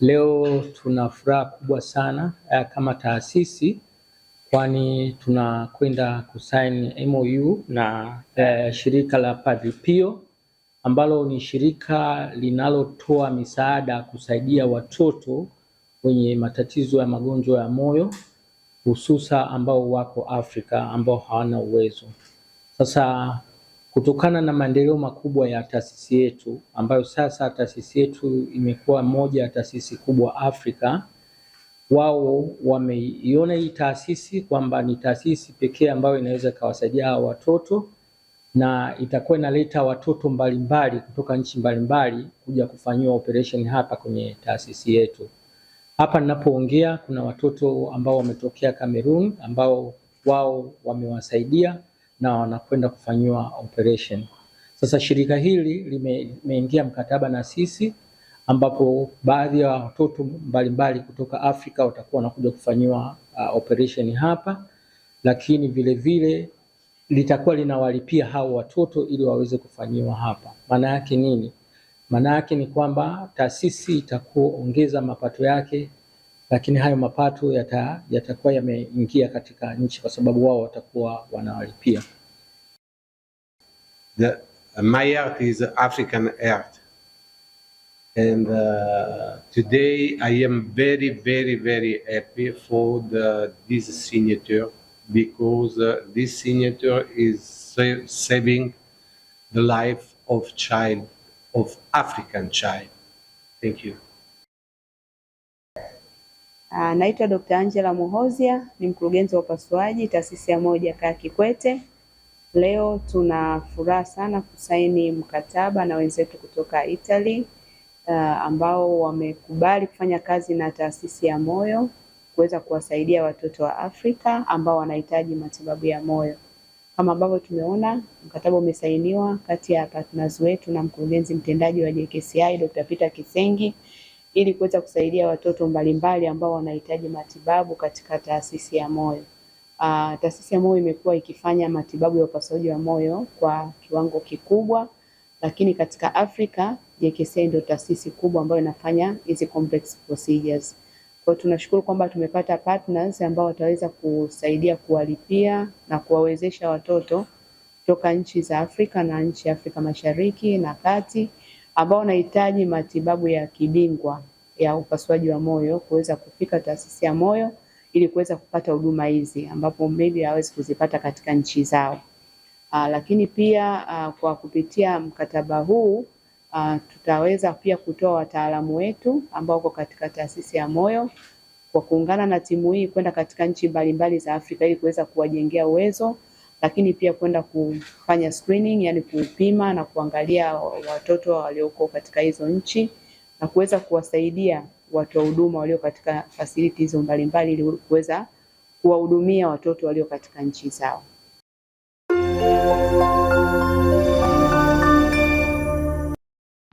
Leo tuna furaha kubwa sana eh, kama taasisi kwani tunakwenda kusaini MOU na eh, shirika la Padre Pio ambalo ni shirika linalotoa misaada kusaidia watoto wenye matatizo ya magonjwa ya moyo hususa ambao wako Afrika ambao hawana uwezo. Sasa Kutokana na maendeleo makubwa ya taasisi yetu ambayo sasa taasisi yetu imekuwa moja ya taasisi kubwa Afrika, wao wameiona hii taasisi kwamba ni taasisi pekee ambayo inaweza ikawasaidia watoto na itakuwa inaleta watoto mbalimbali kutoka nchi mbalimbali kuja kufanyiwa operation hapa kwenye taasisi yetu. Hapa ninapoongea kuna watoto ambao wametokea Kamerun ambao wao wamewasaidia na wanakwenda kufanyiwa operation. Sasa shirika hili limeingia mkataba na sisi ambapo baadhi ya watoto mbalimbali kutoka Afrika watakuwa wanakuja kufanyiwa uh, operation hapa, lakini vilevile litakuwa linawalipia hao watoto ili waweze kufanyiwa hapa. Maana yake nini? Maana yake ni kwamba taasisi itakuwa ongeza mapato yake lakini hayo mapato yatakuwa yameingia katika nchi kwa sababu wao watakuwa wanawalipia. The uh, is African art and uh, today I am very very very happy for the, this signature because uh, this signature is saving the life of child of African child. Thank you. Ah, naitwa Dr. Angela mohozia ni mkurugenzi wa upasuaji taasisi ya moyo Jakaya Kikwete. Leo tuna furaha sana kusaini mkataba na wenzetu kutoka Italy uh, ambao wamekubali kufanya kazi na taasisi ya moyo kuweza kuwasaidia watoto wa Afrika ambao wanahitaji matibabu ya moyo. Kama ambavyo tumeona mkataba umesainiwa kati ya partners wetu na mkurugenzi mtendaji wa JKCI Dr. Peter Kisengi ili kuweza kusaidia watoto mbalimbali ambao wanahitaji matibabu katika taasisi ya moyo. Uh, taasisi ya moyo imekuwa ikifanya matibabu ya upasuaji wa moyo kwa kiwango kikubwa, lakini katika Afrika JKCI ndio taasisi kubwa ambayo inafanya hizi complex procedures. Kwa hiyo tunashukuru kwamba tumepata partners ambao wataweza kusaidia kuwalipia na kuwawezesha watoto toka nchi za Afrika na nchi ya Afrika Mashariki na Kati ambao wanahitaji matibabu ya kibingwa ya upasuaji wa moyo kuweza kufika taasisi ya moyo ili kuweza kupata huduma hizi ambapo maybe hawezi kuzipata katika nchi zao. Aa, ah, lakini pia aa, ah, kwa kupitia mkataba huu aa, ah, tutaweza pia kutoa wataalamu wetu ambao wako katika taasisi ya moyo kwa kuungana na timu hii kwenda katika nchi mbalimbali za Afrika ili kuweza kuwajengea uwezo lakini pia kwenda kufanya screening, yani kupima na kuangalia watoto walioko katika hizo nchi na kuweza kuwasaidia wa huduma walio katika fasiliti hizo mbalimbali ili kuweza kuwahudumia watoto walio katika nchi zao.